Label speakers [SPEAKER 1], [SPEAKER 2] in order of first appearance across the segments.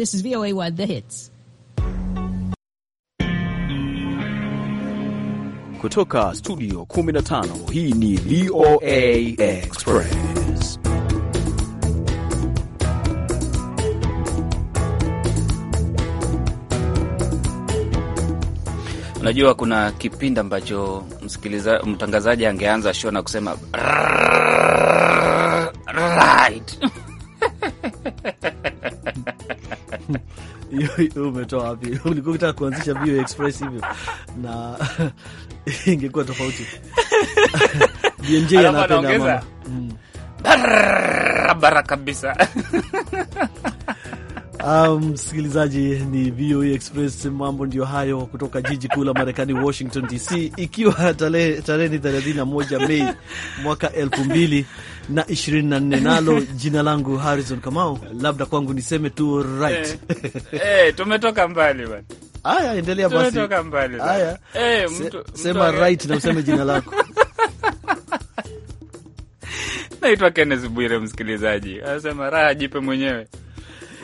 [SPEAKER 1] This is voa One, The Hits.
[SPEAKER 2] Kutoka studio 15 hii ni VOA
[SPEAKER 3] Express. Unajua kuna kipindi ambacho msikiliza mtangazaji angeanza show na kusema right
[SPEAKER 2] umetoa wapi? Ulikuwa ukitaka kuanzisha Vio Express hivyo na ingekuwa tofauti. BMJ anapenda mama
[SPEAKER 3] mm. barabara kabisa.
[SPEAKER 2] Um, msikilizaji, um, ni VOA e Express. Mambo ndio hayo kutoka jiji kuu la Marekani, Washington DC, ikiwa tarehe tarehe 31 Mei mwaka elfu mbili na ishirini na nne. Nalo jina langu Harrison Kamau, labda kwangu niseme tu right. Hey,
[SPEAKER 3] eh, eh, hey, tumetoka mbali bwana.
[SPEAKER 2] Aya, endelea basi. Tumetoka
[SPEAKER 3] mbali Hey, Haya, eh, mtu sema right
[SPEAKER 2] na useme jina lako.
[SPEAKER 3] Naitwa Kenneth Bwire, msikilizaji anasema raha jipe mwenyewe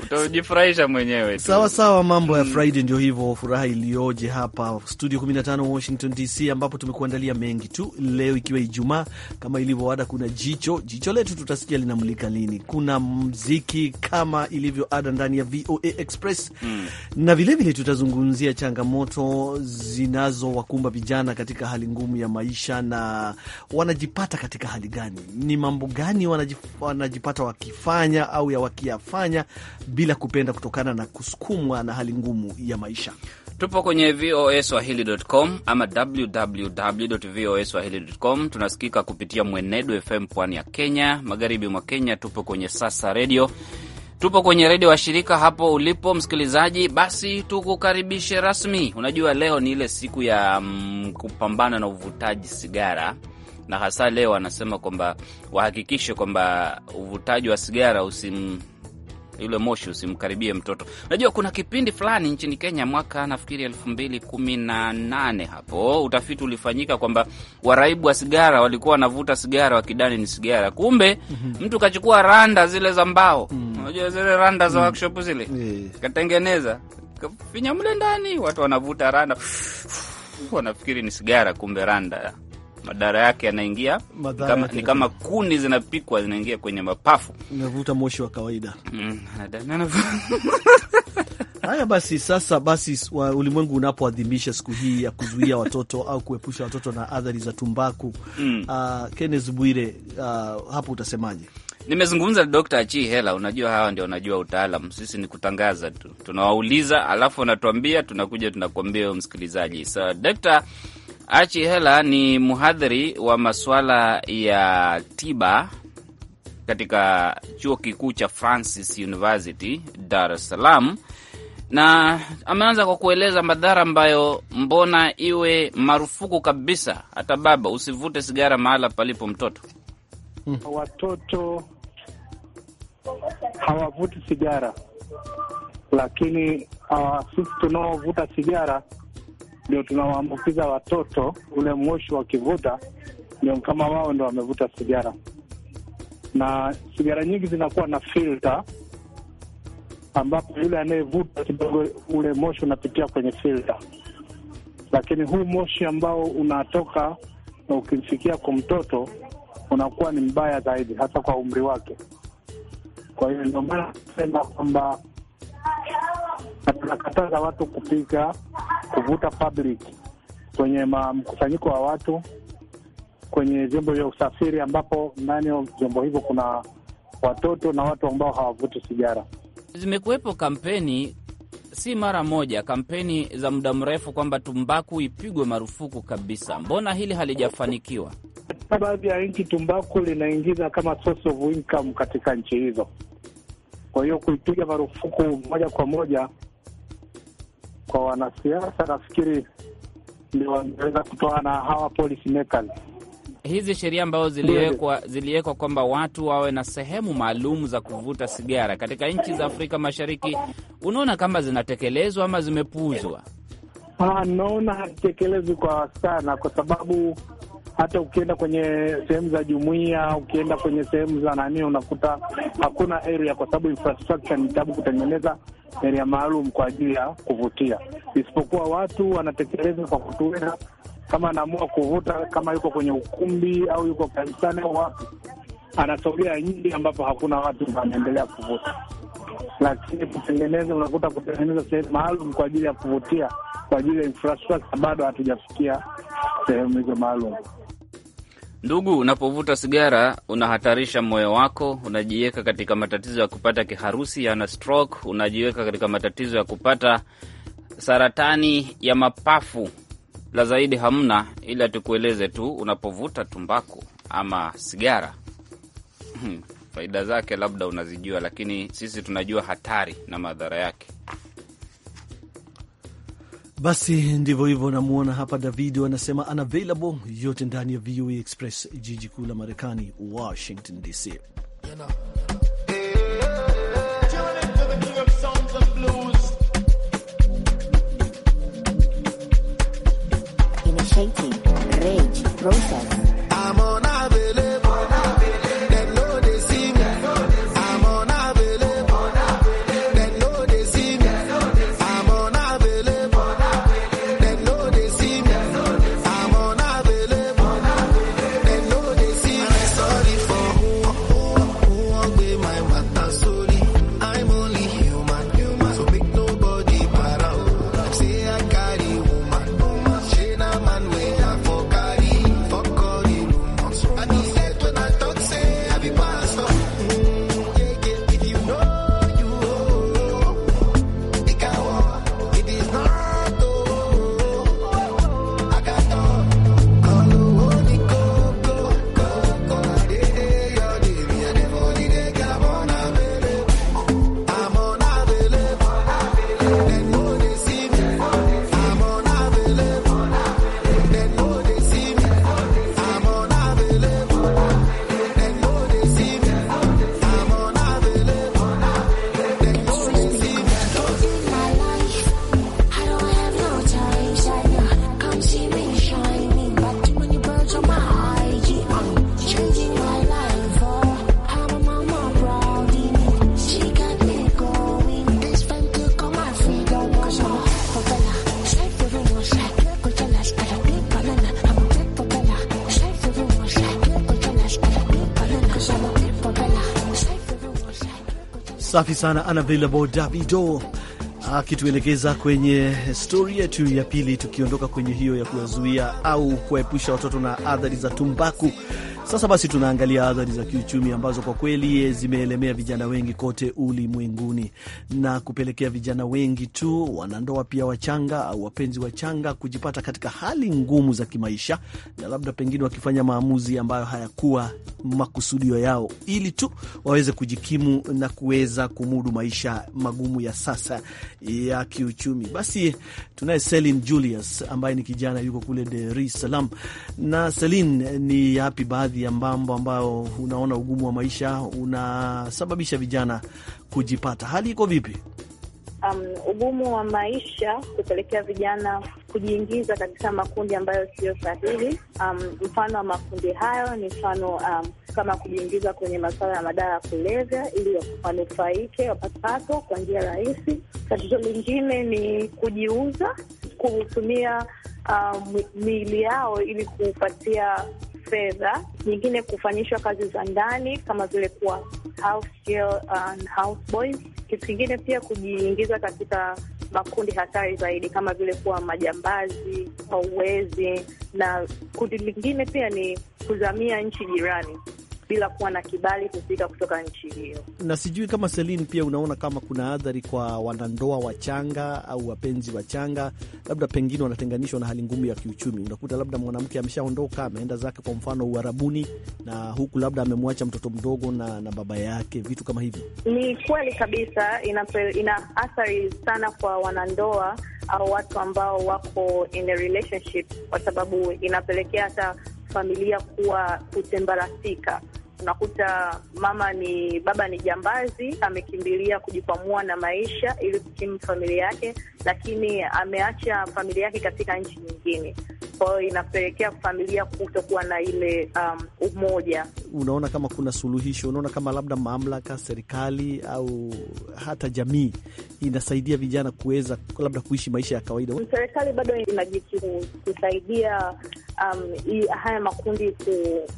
[SPEAKER 3] utajifurahisha mwenyewe tu. Sawa sawa, mambo ya Friday
[SPEAKER 2] ndio hivyo, furaha iliyoje hapa studio 15 Washington DC, ambapo tumekuandalia mengi tu leo, ikiwa Ijumaa kama ilivyo ada. Kuna jicho jicho letu, tutasikia linamulika lini. Kuna mziki kama ilivyo ada ndani ya VOA Express mm. na vilevile tutazungumzia changamoto zinazowakumba vijana katika hali ngumu ya maisha, na wanajipata katika hali gani, ni mambo gani wanajipata wakifanya au ya wakiyafanya bila kupenda, kutokana na kusukumwa na hali ngumu ya maisha.
[SPEAKER 3] Tupo kwenye VOA Swahili.com ama www VOA Swahili.com. Tunasikika kupitia Mwenedu FM pwani ya Kenya, magharibi mwa Kenya. Tupo kwenye Sasa Redio, tupo kwenye redio wa shirika hapo ulipo msikilizaji, basi tukukaribishe rasmi. Unajua leo ni ile siku ya mm, kupambana na uvutaji sigara na hasa leo wanasema kwamba wahakikishe kwamba uvutaji wa sigara usim yule moshi usimkaribie mtoto. najua kuna kipindi fulani nchini Kenya mwaka nafikiri elfu mbili kumi na nane hapo, utafiti ulifanyika kwamba waraibu wa sigara walikuwa wanavuta sigara wakidani ni sigara, kumbe mhm. mtu kachukua randa zile za mbao, mm. unajua mm. zile randa za mm. workshop zile katengeneza kafinya mle ndani, watu wanavuta randa wanafikiri ni sigara, kumbe randa madara yake yanaingia
[SPEAKER 2] kama, ni kama
[SPEAKER 3] kuni zinapikwa zinaingia kwenye mapafu,
[SPEAKER 2] navuta moshi wa kawaida
[SPEAKER 3] mm,
[SPEAKER 2] Haya basi, sasa basi, ulimwengu unapoadhimisha siku hii ya kuzuia watoto au kuepusha watoto na adhari za tumbaku mm. Uh, Kenneth Bwire, uh, hapo utasemaje?
[SPEAKER 3] Nimezungumza na Dr. Achi Hela. Unajua, hawa ndio wanajua utaalam, sisi ni kutangaza tu, tunawauliza alafu wanatuambia, tunakuja tunakuambia msikilizaji. So, Dr. Achi Hela ni mhadhiri wa masuala ya tiba katika chuo kikuu cha Francis University Dar es Salaam, na ameanza kwa kueleza madhara ambayo mbona iwe marufuku kabisa, hata baba usivute sigara mahala palipo mtoto.
[SPEAKER 1] Hmm.
[SPEAKER 4] Watoto hawavuti sigara, lakini uh, sisi tunaovuta sigara ndio tunawaambukiza watoto ule moshi wakivuta, ndio kama wao ndio wamevuta sigara, na sigara nyingi zinakuwa na filta ambapo yule anayevuta kidogo ule moshi unapitia kwenye filta lakini huu moshi ambao unatoka na ukimfikia kwa mtoto unakuwa ni mbaya zaidi, hata kwa umri wake. Kwa hiyo ndio maana nasema kwamba tunakataza watu kupiga kuvuta public kwenye mkusanyiko wa watu kwenye vyombo vya usafiri, ambapo ndani ya vyombo hivyo kuna watoto na watu ambao hawavuti sigara.
[SPEAKER 3] Zimekuwepo kampeni si mara moja, kampeni za muda mrefu kwamba tumbaku ipigwe marufuku kabisa. Mbona hili halijafanikiwa?
[SPEAKER 4] Katika baadhi ya nchi tumbaku linaingiza kama source of income katika nchi hizo, kwa hiyo kuipiga marufuku moja kwa moja kwa wanasiasa, nafikiri ndio wangeweza kutoa na hawa policy makers.
[SPEAKER 3] Hizi sheria ambazo ziliwekwa ziliwekwa kwamba watu wawe na sehemu maalum za kuvuta sigara katika nchi za Afrika Mashariki, unaona kama zinatekelezwa ama zimepuuzwa?
[SPEAKER 4] Ah, naona hazitekelezwi kwa sana, kwa sababu hata ukienda kwenye sehemu za jumuia ukienda kwenye sehemu za nani, unakuta hakuna area, kwa sababu infrastructure ni tabu kutengeneza eneo maalum kwa ajili ya kuvutia, isipokuwa watu wanatekeleza kwa kutuweza kama anaamua kuvuta, kama yuko kwenye ukumbi au yuko kanisani au wapi, anasogea nje ambapo hakuna watu wanaendelea kuvuta. Lakini kutengeneza, unakuta kutengeneza sehemu maalum kwa ajili ya kuvutia, kwa ajili ya infrastructure, bado hatujafikia sehemu hizo maalum.
[SPEAKER 3] Ndugu, unapovuta sigara unahatarisha moyo wako, unajiweka katika matatizo ya kupata kiharusi, yana stroke, unajiweka katika matatizo ya kupata saratani ya mapafu. La zaidi hamna, ila tukueleze tu, unapovuta tumbaku ama sigara hmm, faida zake labda unazijua, lakini sisi tunajua hatari na madhara yake.
[SPEAKER 2] Basi ndivyo hivyo, namwona hapa david anasema unavailable yote ndani ya VOA e Express, jiji kuu la Marekani, Washington DC. you know. Safi sana, unavailable Davido ah, akituelekeza kwenye stori yetu ya pili, tukiondoka kwenye hiyo ya kuwazuia au kuwaepusha watoto na adhari za tumbaku sasa basi, tunaangalia athari za kiuchumi ambazo kwa kweli eh, zimeelemea vijana wengi kote ulimwenguni na kupelekea vijana wengi tu, wanandoa pia wachanga au wapenzi wachanga, kujipata katika hali ngumu za kimaisha, na labda pengine wakifanya maamuzi ambayo hayakuwa makusudio yao, ili tu waweze kujikimu na kuweza kumudu maisha magumu ya sasa ya kiuchumi. Basi tunaye Celine Julius ambaye ni kijana yuko kule Dar es Salaam. Na Celine, ni yapi baadhi baadhi ya mambo ambayo unaona ugumu wa maisha unasababisha vijana kujipata. Hali iko vipi?
[SPEAKER 5] Um, ugumu wa maisha kupelekea vijana kujiingiza katika makundi ambayo siyo sahihi. Um, mfano wa makundi hayo ni mfano um, kama kujiingiza kwenye masuala ya madawa ya kulevya ili wanufaike wapate kwa njia rahisi. Tatizo lingine ni kujiuza, kutumia um, miili yao ili kupatia fedha, nyingine kufanyishwa kazi za ndani kama vile kuwa house girl and Kitu kingine pia kujiingiza katika makundi hatari zaidi kama vile kuwa majambazi au wezi, na kundi lingine pia ni kuzamia nchi jirani bila kuwa na kibali kufika kutoka nchi hiyo.
[SPEAKER 2] Na sijui kama Selin, pia unaona kama kuna adhari kwa wanandoa wachanga au wapenzi wachanga, labda pengine wanatenganishwa na hali ngumu ya kiuchumi. Unakuta labda mwanamke ameshaondoka ameenda zake, kwa mfano Uarabuni, na huku labda amemwacha mtoto mdogo na, na baba yake, vitu kama hivyo.
[SPEAKER 5] Ni kweli kabisa, ina, ina athari sana kwa wanandoa au watu ambao wako in a relationship, kwa sababu inapelekea hata familia kuwa kutembarasika Unakuta mama ni baba ni jambazi, amekimbilia kujikwamua na maisha ili kukimu familia yake, lakini ameacha familia yake katika nchi nyingine kwa hiyo inapelekea familia kutokuwa na ile um, umoja.
[SPEAKER 2] Unaona kama kuna suluhisho? Unaona kama labda mamlaka, serikali au hata jamii inasaidia vijana kuweza labda kuishi maisha ya kawaida?
[SPEAKER 5] Serikali bado kusaidia um, haya makundi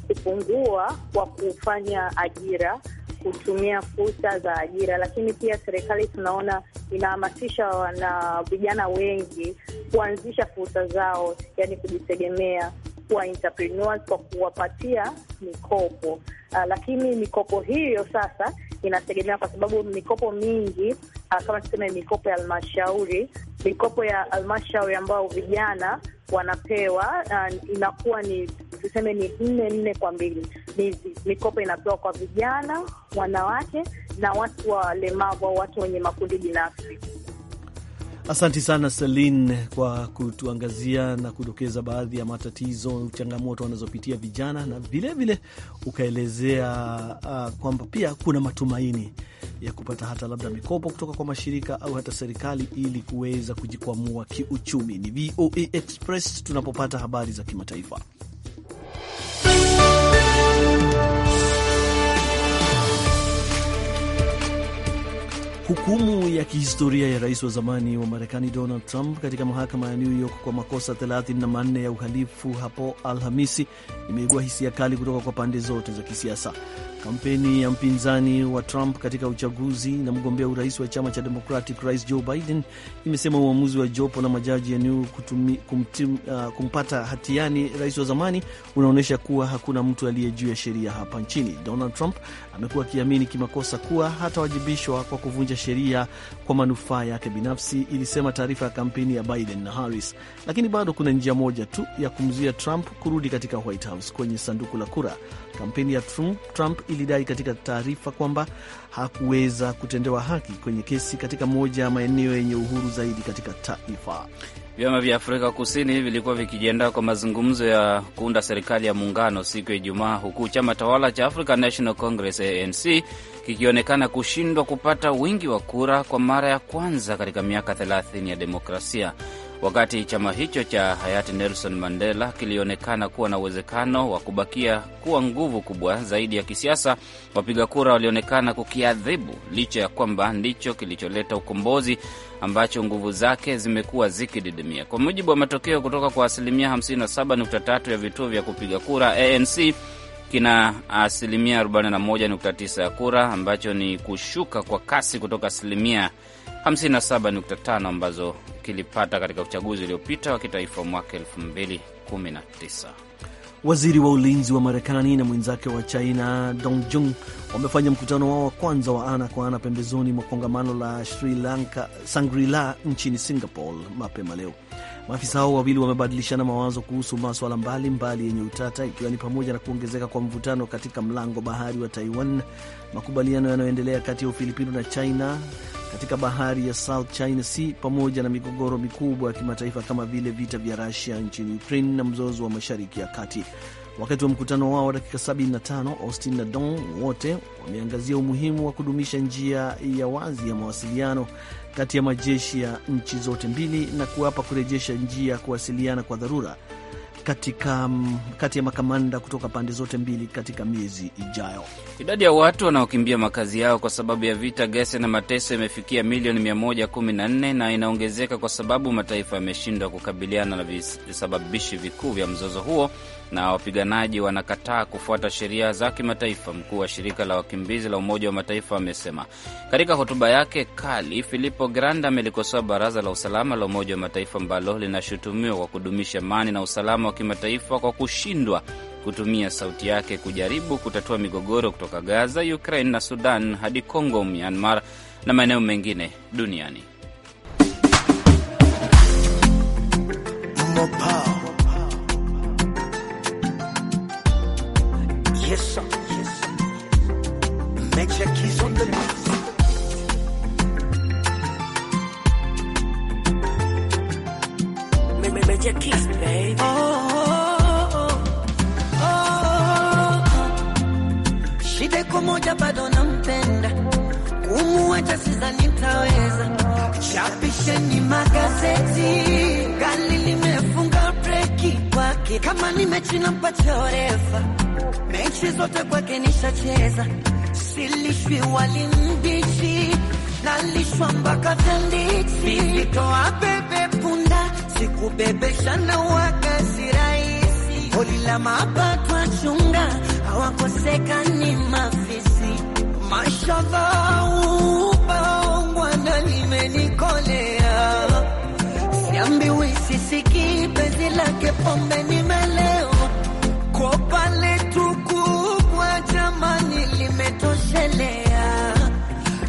[SPEAKER 5] kupungua kwa kufanya ajira kutumia fursa za ajira, lakini pia serikali tunaona inahamasisha wana vijana wengi kuanzisha fursa zao, yani kujitegemea, kuwa entrepreneurs kwa kuwapatia mikopo uh, lakini mikopo hiyo sasa inategemea kwa sababu mikopo mingi uh, kama tuseme mikopo ya halmashauri, mikopo ya halmashauri ambayo vijana wanapewa uh, inakuwa ni tuseme ni nne nne kwa mbili, mikopo inapewa kwa vijana, wanawake na watu walemavu au watu wenye makundi binafsi.
[SPEAKER 2] Asanti sana Selin kwa kutuangazia na kudokeza baadhi ya matatizo, changamoto wanazopitia vijana na vilevile ukaelezea uh, kwamba pia kuna matumaini ya kupata hata labda mikopo kutoka kwa mashirika au hata serikali ili kuweza kujikwamua kiuchumi. Ni VOA Express tunapopata habari za kimataifa. Hukumu ya kihistoria ya rais wa zamani wa Marekani Donald Trump katika mahakama ya New York kwa makosa 34 ya uhalifu hapo Alhamisi imeibua hisia kali kutoka kwa pande zote za kisiasa. Kampeni ya mpinzani wa Trump katika uchaguzi na mgombea urais wa chama cha Democratic, Rais Joe Biden, imesema uamuzi wa jopo la majaji ya uh, kumpata hatiani rais wa zamani unaonyesha kuwa hakuna mtu aliye juu ya sheria hapa nchini. Donald Trump amekuwa akiamini kimakosa kuwa hatawajibishwa kwa kuvunja sheria kwa manufaa yake binafsi, ilisema taarifa ya kampeni ya Biden na Harris. Lakini bado kuna njia moja tu ya kumzuia Trump kurudi katika White House, kwenye sanduku la kura Kampeni ya Trump, Trump ilidai katika taarifa kwamba hakuweza kutendewa haki kwenye kesi katika moja ya maeneo yenye uhuru zaidi katika taifa.
[SPEAKER 3] Vyama vya Afrika Kusini vilikuwa vikijiandaa kwa mazungumzo ya kuunda serikali ya muungano siku ya Ijumaa, huku chama tawala cha African National Congress ANC kikionekana kushindwa kupata wingi wa kura kwa mara ya kwanza katika miaka 30 ya demokrasia wakati chama hicho cha hayati Nelson Mandela kilionekana kuwa na uwezekano wa kubakia kuwa nguvu kubwa zaidi ya kisiasa, wapiga kura walionekana kukiadhibu, licha ya kwamba ndicho kilicholeta ukombozi ambacho nguvu zake zimekuwa zikididimia. Kwa mujibu wa matokeo kutoka kwa asilimia 57.3 ya vituo vya kupiga kura, ANC kina asilimia 41.9 ya kura, ambacho ni kushuka kwa kasi kutoka asilimia 57.5 ambazo kilipata katika uchaguzi uliopita wa kitaifa mwaka 2019.
[SPEAKER 2] Waziri wa ulinzi wa Marekani na mwenzake wa China Dong Jung wamefanya mkutano wao wa kwanza wa ana kwa ana pembezoni mwa kongamano la Sri Lanka Sangrila nchini Singapore mapema leo. Maafisa hao wawili wamebadilishana mawazo kuhusu maswala mbalimbali yenye utata, ikiwa ni pamoja na kuongezeka kwa mvutano katika mlango bahari wa Taiwan, makubaliano yanayoendelea kati ya Ufilipino na China katika bahari ya South China Sea pamoja na migogoro mikubwa ya kimataifa kama vile vita vya Rusia nchini Ukraine na mzozo wa Mashariki ya Kati. Wakati wa mkutano wao wa dakika 75, Austin na Dong wote wameangazia umuhimu wa kudumisha njia ya wazi ya mawasiliano kati ya majeshi ya nchi zote mbili na kuapa kurejesha njia ya kuwasiliana kwa dharura katika mm, kati ya makamanda kutoka pande zote mbili katika miezi ijayo.
[SPEAKER 3] Idadi ya watu wanaokimbia makazi yao kwa sababu ya vita, gesi na mateso imefikia milioni 114 na inaongezeka kwa sababu mataifa yameshindwa kukabiliana na visababishi vikuu vya mzozo huo na wapiganaji wanakataa kufuata sheria za kimataifa, mkuu wa shirika la wakimbizi la Umoja wa Mataifa amesema. Katika hotuba yake kali, Filippo Grandi amelikosoa Baraza la Usalama la Umoja wa Mataifa ambalo linashutumiwa kwa kudumisha amani na usalama wa kimataifa kwa kushindwa kutumia sauti yake kujaribu kutatua migogoro kutoka Gaza, Ukraine na Sudan hadi Congo, Myanmar na maeneo mengine duniani. Mopao.
[SPEAKER 6] Yes, yes.
[SPEAKER 7] Major keys on the mix. Major keys, baby. Oh,
[SPEAKER 6] oh, oh, Shida iko moja bado nampenda, kumuacha sizani nitaweza. Chapisheni magazeti, gani Haki kama ni mechi nampatia refa, mechi zote kwake nishacheza, silishwi wali mbichi, nalishwa mpaka tanditi, nitoa bebe punda, sikubebesha na wakazi rahisi, holi la mapato achunga, hawakoseka ni mafisi, mashallah ubaongwana, nimenikolea siambiwi Siki penzi lake pombe nimelewa, kwa pale tukubwa jamani, limetoshelea.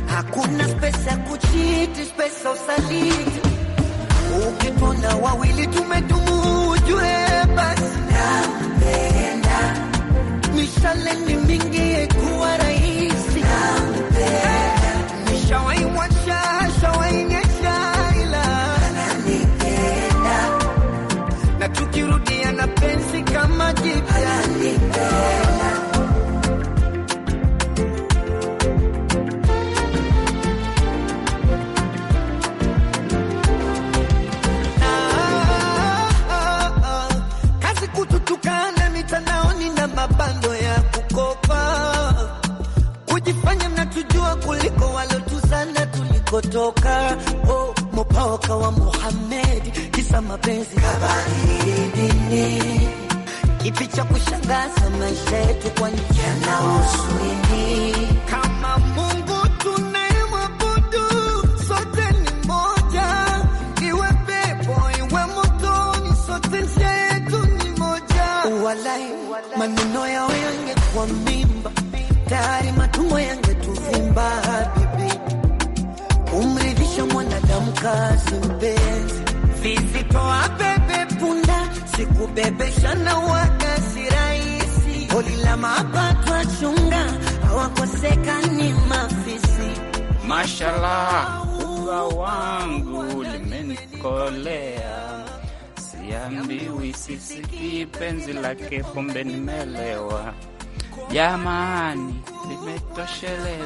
[SPEAKER 6] Hakuna spesa kuchiti, spesa usaliti. Ukipona wawili tumetumujwe, basi napenda mishale ni mingi yekuwa rai been chama hapa twachunga, hawakosekani mafisi.
[SPEAKER 3] Mashallah, ua wangu limenikolea, siambiwi sisiki penzi lake, pombe nimelewa jamani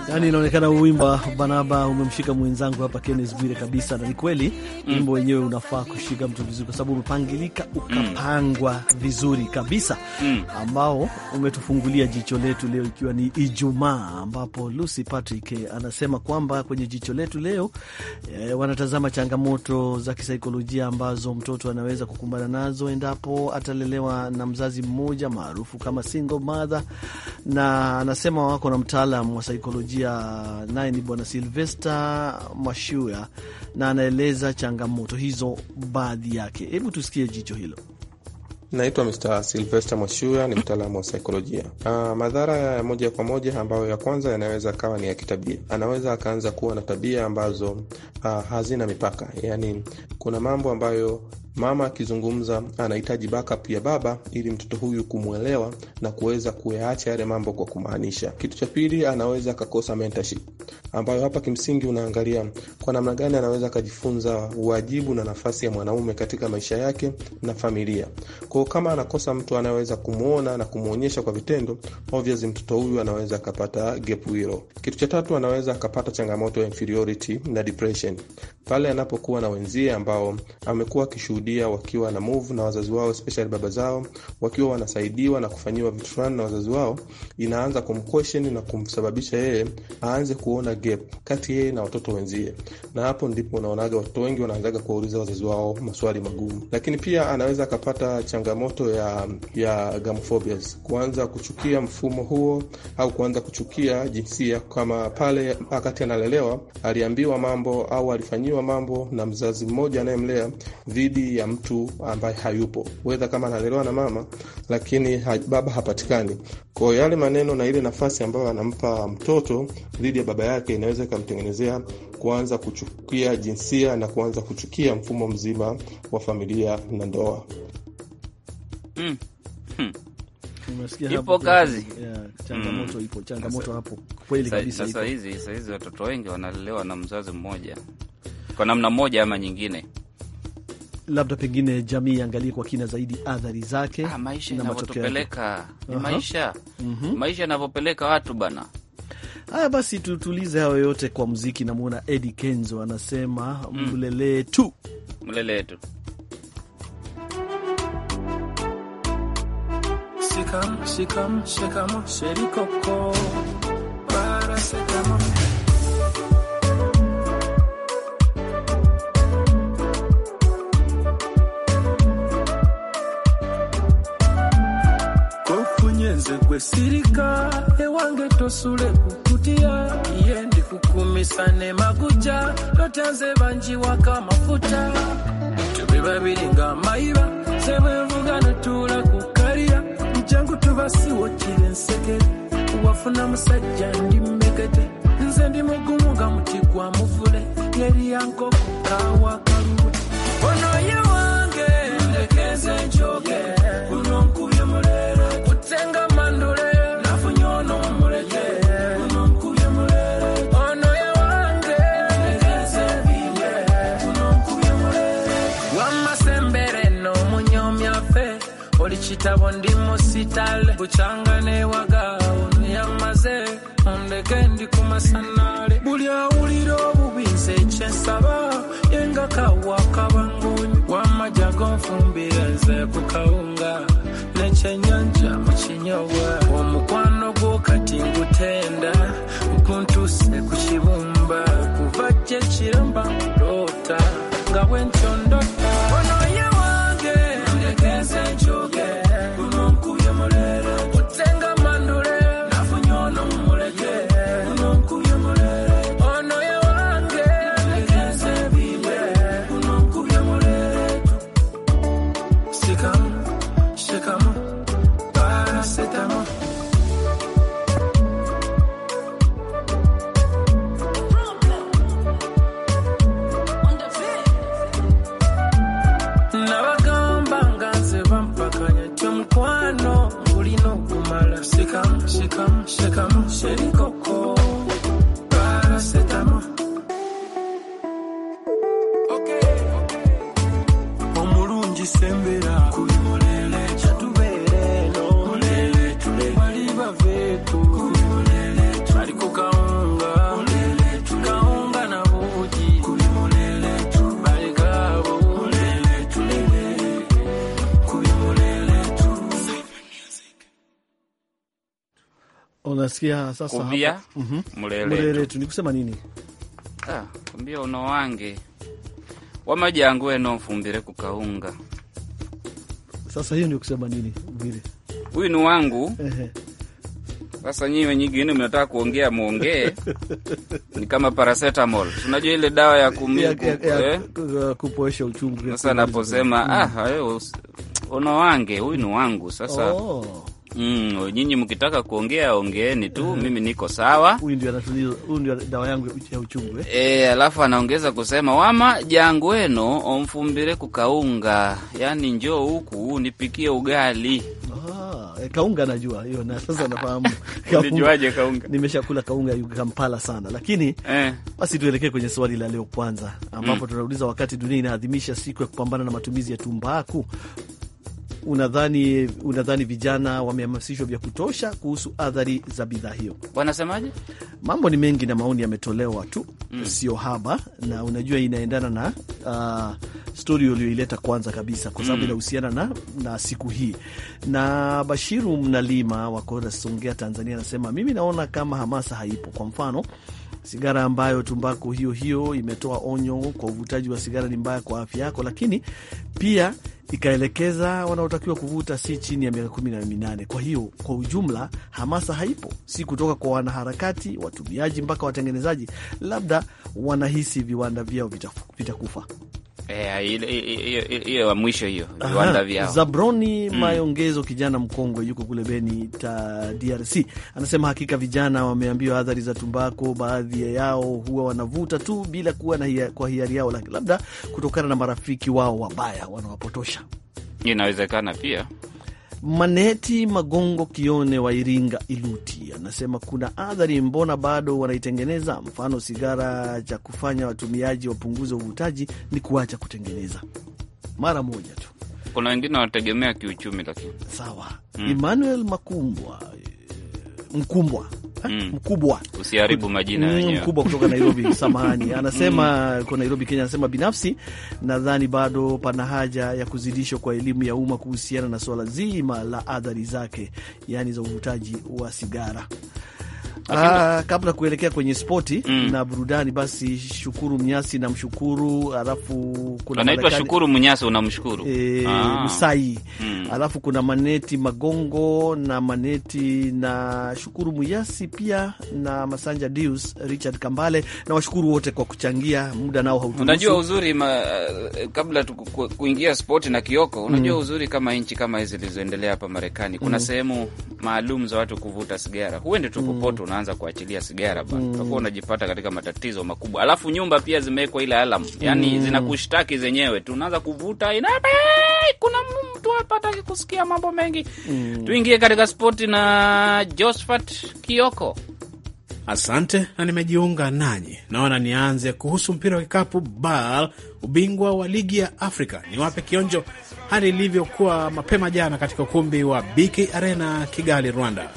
[SPEAKER 3] Yani
[SPEAKER 2] inaonekana wimbo Banaba umemshika mwenzangu hapa Kennes Bwire kabisa, na ni kweli wimbo mm. wenyewe unafaa kushika mtu vizuri, kwa sababu umepangilika ukapangwa mm. vizuri kabisa mm. ambao umetufungulia jicho letu leo, ikiwa ni Ijumaa ambapo Lucy Patrick eh, anasema kwamba kwenye jicho letu leo eh, wanatazama changamoto za kisaikolojia ambazo mtoto anaweza kukumbana nazo endapo atalelewa na mzazi mmoja maarufu kama single mother, na anasema wako na mtaalam wa saikolojia, naye ni Bwana Silvesta Mashua, na anaeleza changamoto hizo baadhi yake. Hebu tusikie jicho hilo.
[SPEAKER 8] Naitwa Mr Silvester Mashua, ni mtaalamu wa saikolojia. Uh, madhara ya moja kwa moja ambayo ya kwanza yanaweza akawa ni ya kitabia. Anaweza akaanza kuwa na tabia ambazo uh, hazina mipaka, yaani kuna mambo ambayo mama akizungumza anahitaji backup ya baba ili mtoto huyu kumwelewa na kuweza kuyaacha yale mambo kwa kumaanisha. Kitu cha pili, anaweza akakosa mentorship, ambayo hapa kimsingi unaangalia kwa namna gani anaweza akajifunza wajibu na nafasi ya mwanaume katika maisha yake na familia. Kwa kama anakosa mtu anayeweza kumwona na kumwonyesha kwa vitendo, obviously mtoto huyu anaweza akapata gap hilo. Kitu cha tatu, anaweza akapata changamoto ya inferiority na depression pale anapokuwa na wenzie ambao kwao, amekuwa akishuhudia wakiwa na move na wazazi wao, especially baba zao, wakiwa wanasaidiwa na kufanyiwa vitu fulani na wazazi wao, inaanza kumquestion na kumsababisha yeye aanze kuona gap kati yeye na watoto wenzie, na hapo ndipo unaonaga watoto wengi wanaanzaga kuwauliza wazazi wao maswali magumu. Lakini pia anaweza akapata changamoto ya, ya gamophobias, kuanza kuchukia mfumo huo au kuanza kuchukia jinsia, kama pale wakati analelewa aliambiwa mambo au alifanyiwa mambo na mzazi mmoja anayemlea dhidi ya mtu ambaye hayupo, wedha kama analelewa na mama lakini ha, baba hapatikani. Kwa yale maneno na ile nafasi ambayo anampa mtoto dhidi ya baba yake inaweza ikamtengenezea kuanza kuchukia jinsia na kuanza kuchukia mfumo mzima wa familia na ndoa.
[SPEAKER 7] Mm. Hmm.
[SPEAKER 2] Ipo kazi changamoto mm. Ipo changamoto hapo kweli kabisa. Sasa
[SPEAKER 3] hizi watoto wengi wanalelewa na mzazi mmoja kwa namna moja ama nyingine.
[SPEAKER 2] Labda pengine jamii iangalie kwa kina zaidi athari zake ha, ah,
[SPEAKER 3] maisha inavyotupeleka ni uh -huh. maisha mhm. maisha yanavyopeleka watu bana.
[SPEAKER 2] Haya basi, tutulize hayo yote kwa mziki. Namwona edi Kenzo anasema mm. mlelee
[SPEAKER 7] tu mlelee tu sikam sikam shikamo sherikoko para sikamo nze gwe sirika ewange tosule kukutya ye ndi kukumisa ne maguja lota nze banjiwako amafuta tube babiri nga mayiba se bwevuga ne tula ku kalira njangu tuba siwo kire nsekere wafuna musajja ndi mmekete nze ndi mugumu nga muti gwa muvule yeri yankoko kawa kalu chitabo ndimo sitale buchanga ne wagao niyamaze ondeke ndi kumasanale buli awulira obubinze kyensaba yenga kawa kabangonyi wamaja gonfumbire nze ku kawunga nekyenyanja mu kinyobwa omukwano gwo kati ngutenda nkuntuse ku kibumba kuva kyekiramba nkulota nga bwe ntyondota
[SPEAKER 2] kusikia sasa Kuvia,
[SPEAKER 3] mm -hmm. Mureletu nikusema nini? Ah, kumbia uno wange wamajangue mfumbire kukaunga.
[SPEAKER 2] Sasa hiyo ndio kusema nini vile
[SPEAKER 3] huyu ni wangu Sasa nyinyi wenyigini mnataka kuongea mwongee, ni kama paracetamol, tunajua ile dawa ya eh?
[SPEAKER 2] kupoesha uchungu.
[SPEAKER 3] Sasa naposema mm. ah, uno wange huyu ni wangu sasa oh. Mm, nyinyi mkitaka kuongea ongeeni tu mm. Mimi niko sawa.
[SPEAKER 2] Huyu ndio anatuliza, huyu ndio dawa yangu ya uchungu eh.
[SPEAKER 3] E, alafu anaongeza kusema wama jangu eno omfumbire kukaunga, yaani njoo huku nipikie ugali.
[SPEAKER 2] Ah, eh, kaunga najua hiyo na sasa nafahamu. Unijuaje
[SPEAKER 3] kaunga? Nimeshakula
[SPEAKER 2] kaunga ya Kampala sana, lakini eh, basi tuelekee kwenye swali la leo kwanza, ambapo mm. tunauliza wakati dunia inaadhimisha siku ya kupambana na matumizi ya tumbaku, unadhani unadhani vijana wamehamasishwa vya kutosha kuhusu athari za bidhaa hiyo? Wanasemaje? Mambo ni mengi na maoni yametolewa tu mm. Sio haba, na unajua inaendana na uh, ah, stori ulioileta kwanza kabisa, kwa sababu mm. inahusiana mm. na, na siku hii. Na Bashiru Mnalima wa Kora, Songea, Tanzania anasema mimi naona kama hamasa haipo. Kwa mfano sigara ambayo tumbako hiyo hiyo imetoa onyo kwa uvutaji wa sigara ni mbaya kwa afya yako, lakini pia ikaelekeza wanaotakiwa kuvuta si chini ya miaka kumi na minane. Kwa hiyo kwa ujumla hamasa haipo, si kutoka kwa wanaharakati, watumiaji mpaka watengenezaji. Labda wanahisi viwanda vyao vitakufa.
[SPEAKER 3] Hiyo eh, ah, wa mwisho hiyo viwanda vyao.
[SPEAKER 2] Zabroni mm, Mayongezo, kijana mkongwe, yuko kule Beni ta DRC, anasema hakika vijana wameambiwa adhari za tumbako. Baadhi yao huwa wanavuta tu bila kuwa na hiya, kwa hiari yao, labda kutokana na marafiki wao wabaya wanawapotosha kutosha.
[SPEAKER 3] Inawezekana pia.
[SPEAKER 2] Maneti Magongo Kione wa Iringa Iluti anasema kuna adhari, mbona bado wanaitengeneza? Mfano, sigara, cha kufanya watumiaji wapunguze uvutaji ni kuacha kutengeneza mara moja tu.
[SPEAKER 3] Kuna wengine wanategemea kiuchumi, lakini sawa. Mm.
[SPEAKER 2] Emmanuel Makumbwa eh, Mkumbwa Mm. mkubwa
[SPEAKER 3] usiharibu majina mm, yenyewe mkubwa kutoka Nairobi samahani,
[SPEAKER 2] mm. anasema mm. kwa Nairobi, Kenya, anasema binafsi nadhani bado pana haja ya kuzidishwa kwa elimu ya umma kuhusiana na swala zima la adhari zake, yaani za uvutaji wa sigara. Ah, kabla kuelekea kwenye spoti mm. na burudani, basi Shukuru Mnyasi namshukuru, alafu kuna anaitwa Shukuru
[SPEAKER 3] Mnyasi unamshukuru e, ah. Msai mm.
[SPEAKER 2] alafu kuna Maneti Magongo na Maneti na Shukuru Mnyasi pia na Masanja dius Richard Kambale na washukuru wote kwa kuchangia muda nao hautuhusu. Unajua
[SPEAKER 3] uzuri ma, eh, kabla kuingia spoti na Kioko, unajua mm. uzuri kama nchi kama hizi zilizoendelea hapa Marekani kuna mm. sehemu maalum za watu kuvuta sigara, huende tu mm. popote mm unaanza kuachilia sigara bana, mm. utakuwa mm. unajipata katika matatizo makubwa. Alafu nyumba pia zimewekwa ile alam, yani mm. zinakushtaki zenyewe tu, unaanza kuvuta ina kuna mtu hapa ataki kusikia mambo mengi mm. Tuingie katika spoti na Josphat Kioko.
[SPEAKER 1] Asante na nimejiunga nanyi. Naona nianze kuhusu mpira wa kikapu BAL, ubingwa wa ligi ya Afrika. Niwape kionjo hali ilivyokuwa mapema jana katika ukumbi wa Biki Arena, Kigali, Rwanda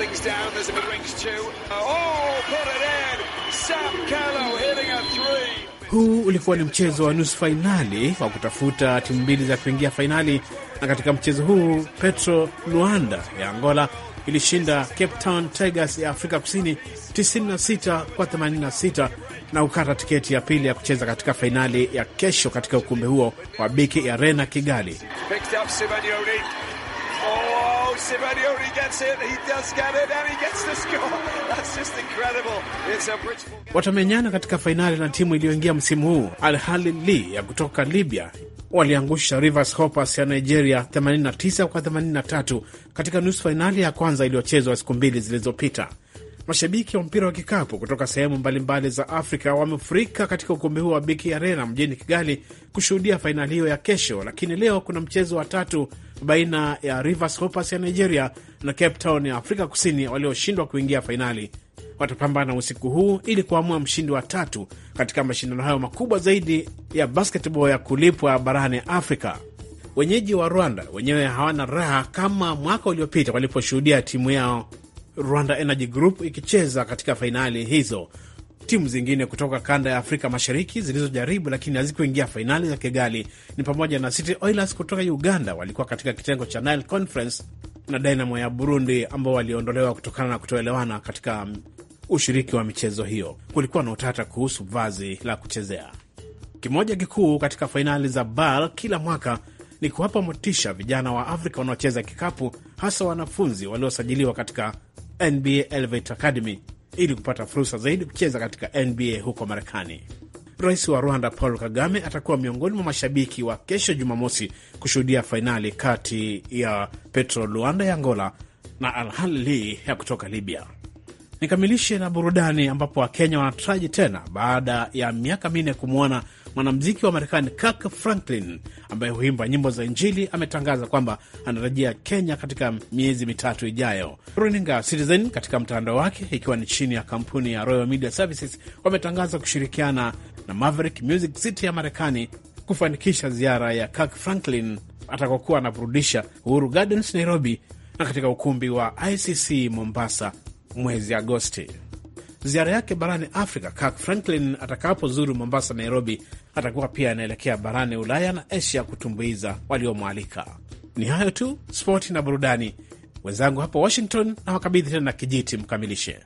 [SPEAKER 6] things down. There's a mid-range too. Uh, oh, put it in. Sam Callow hitting a three.
[SPEAKER 1] Huu ulikuwa ni mchezo wa nusu fainali wa kutafuta timu mbili za kuingia fainali, na katika mchezo huu Petro Luanda ya Angola ilishinda Cape Town Tigers ya Afrika Kusini 96 kwa 86 na kukata tiketi ya pili ya kucheza katika fainali ya kesho katika ukumbi huo wa biki Arena Kigali
[SPEAKER 6] gets it, he does get it, and he gets the score. That's just incredible. It's a Bridgeport...
[SPEAKER 1] Watamenyana katika fainali na timu iliyoingia msimu huu Al Ahly ya kutoka Libya waliangusha Rivers hoppers ya Nigeria 89 kwa 83 katika nusu fainali ya kwanza iliyochezwa siku mbili zilizopita. Mashabiki wa mpira wa kikapu kutoka sehemu mbalimbali za Afrika wamefurika katika ukumbi huo wa Biki Arena mjini Kigali kushuhudia fainali hiyo ya kesho. Lakini leo kuna mchezo wa tatu baina ya Rivers Hoopers ya Nigeria na Cape Town ya Afrika Kusini walioshindwa kuingia fainali watapambana usiku huu ili kuamua mshindi wa tatu katika mashindano hayo makubwa zaidi ya basketball ya kulipwa barani Afrika. Wenyeji wa Rwanda wenyewe hawana raha kama mwaka uliopita waliposhuhudia timu yao Rwanda Energy Group ikicheza katika fainali hizo. Timu zingine kutoka kanda ya Afrika Mashariki zilizojaribu lakini hazikuingia fainali za Kigali ni pamoja na City Oilers kutoka Uganda, walikuwa katika kitengo cha Nile Conference, na Dynamo ya Burundi ambao waliondolewa kutokana na kutoelewana katika ushiriki wa michezo hiyo. Kulikuwa na utata kuhusu vazi la kuchezea. Kimoja kikuu katika fainali za BAL kila mwaka ni kuwapa motisha vijana wa Afrika wanaocheza kikapu, hasa wanafunzi waliosajiliwa katika NBA Elevate Academy ili kupata fursa zaidi kucheza katika NBA huko Marekani. Rais wa Rwanda Paul Kagame atakuwa miongoni mwa mashabiki wa kesho Jumamosi kushuhudia fainali kati ya Petro Luanda ya Angola na Al Ahly ya kutoka Libya. Nikamilishe na burudani ambapo Wakenya wanataraji tena baada ya miaka minne kumwona mwanamziki wa Marekani Kirk Franklin ambaye huimba nyimbo za Injili ametangaza kwamba anarejea Kenya katika miezi mitatu ijayo. Runinga Citizen katika mtandao wake, ikiwa ni chini ya kampuni ya Royal Media Services, wametangaza kushirikiana na Maverick Music City ya Marekani kufanikisha ziara ya Kirk Franklin atakokuwa anaburudisha Uhuru Gardens Nairobi na katika ukumbi wa ICC Mombasa mwezi Agosti ziara yake barani Afrika, Kirk Franklin atakapozuru Mombasa, Nairobi, atakuwa pia anaelekea barani Ulaya na Asia kutumbuiza waliomwalika. Ni hayo tu, spoti na burudani. Wenzangu hapa Washington na wakabidhi tena kijiti mkamilishe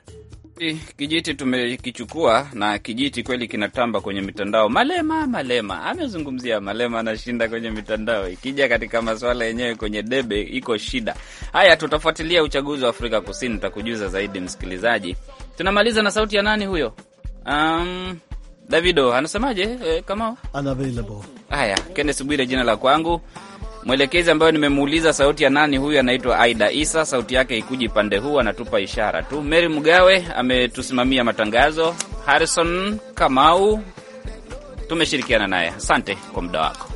[SPEAKER 3] eh, kijiti tumekichukua na kijiti kweli kinatamba kwenye mitandao. Malema Malema amezungumzia Malema anashinda kwenye mitandao, ikija katika maswala yenyewe kwenye debe iko shida. Haya, tutafuatilia uchaguzi wa Afrika Kusini, takujuza zaidi msikilizaji, Tunamaliza na sauti ya nani huyo? Um, Davido anasemaje? E, eh, kama
[SPEAKER 2] unavailable.
[SPEAKER 3] Haya, Kenneth Bwire jina la kwangu mwelekezi ambayo nimemuuliza sauti ya nani huyu, anaitwa Aida Isa. Sauti yake ikuji pande huu, anatupa ishara tu. Mary Mgawe ametusimamia matangazo, Harrison Kamau tumeshirikiana naye. Asante kwa muda wako.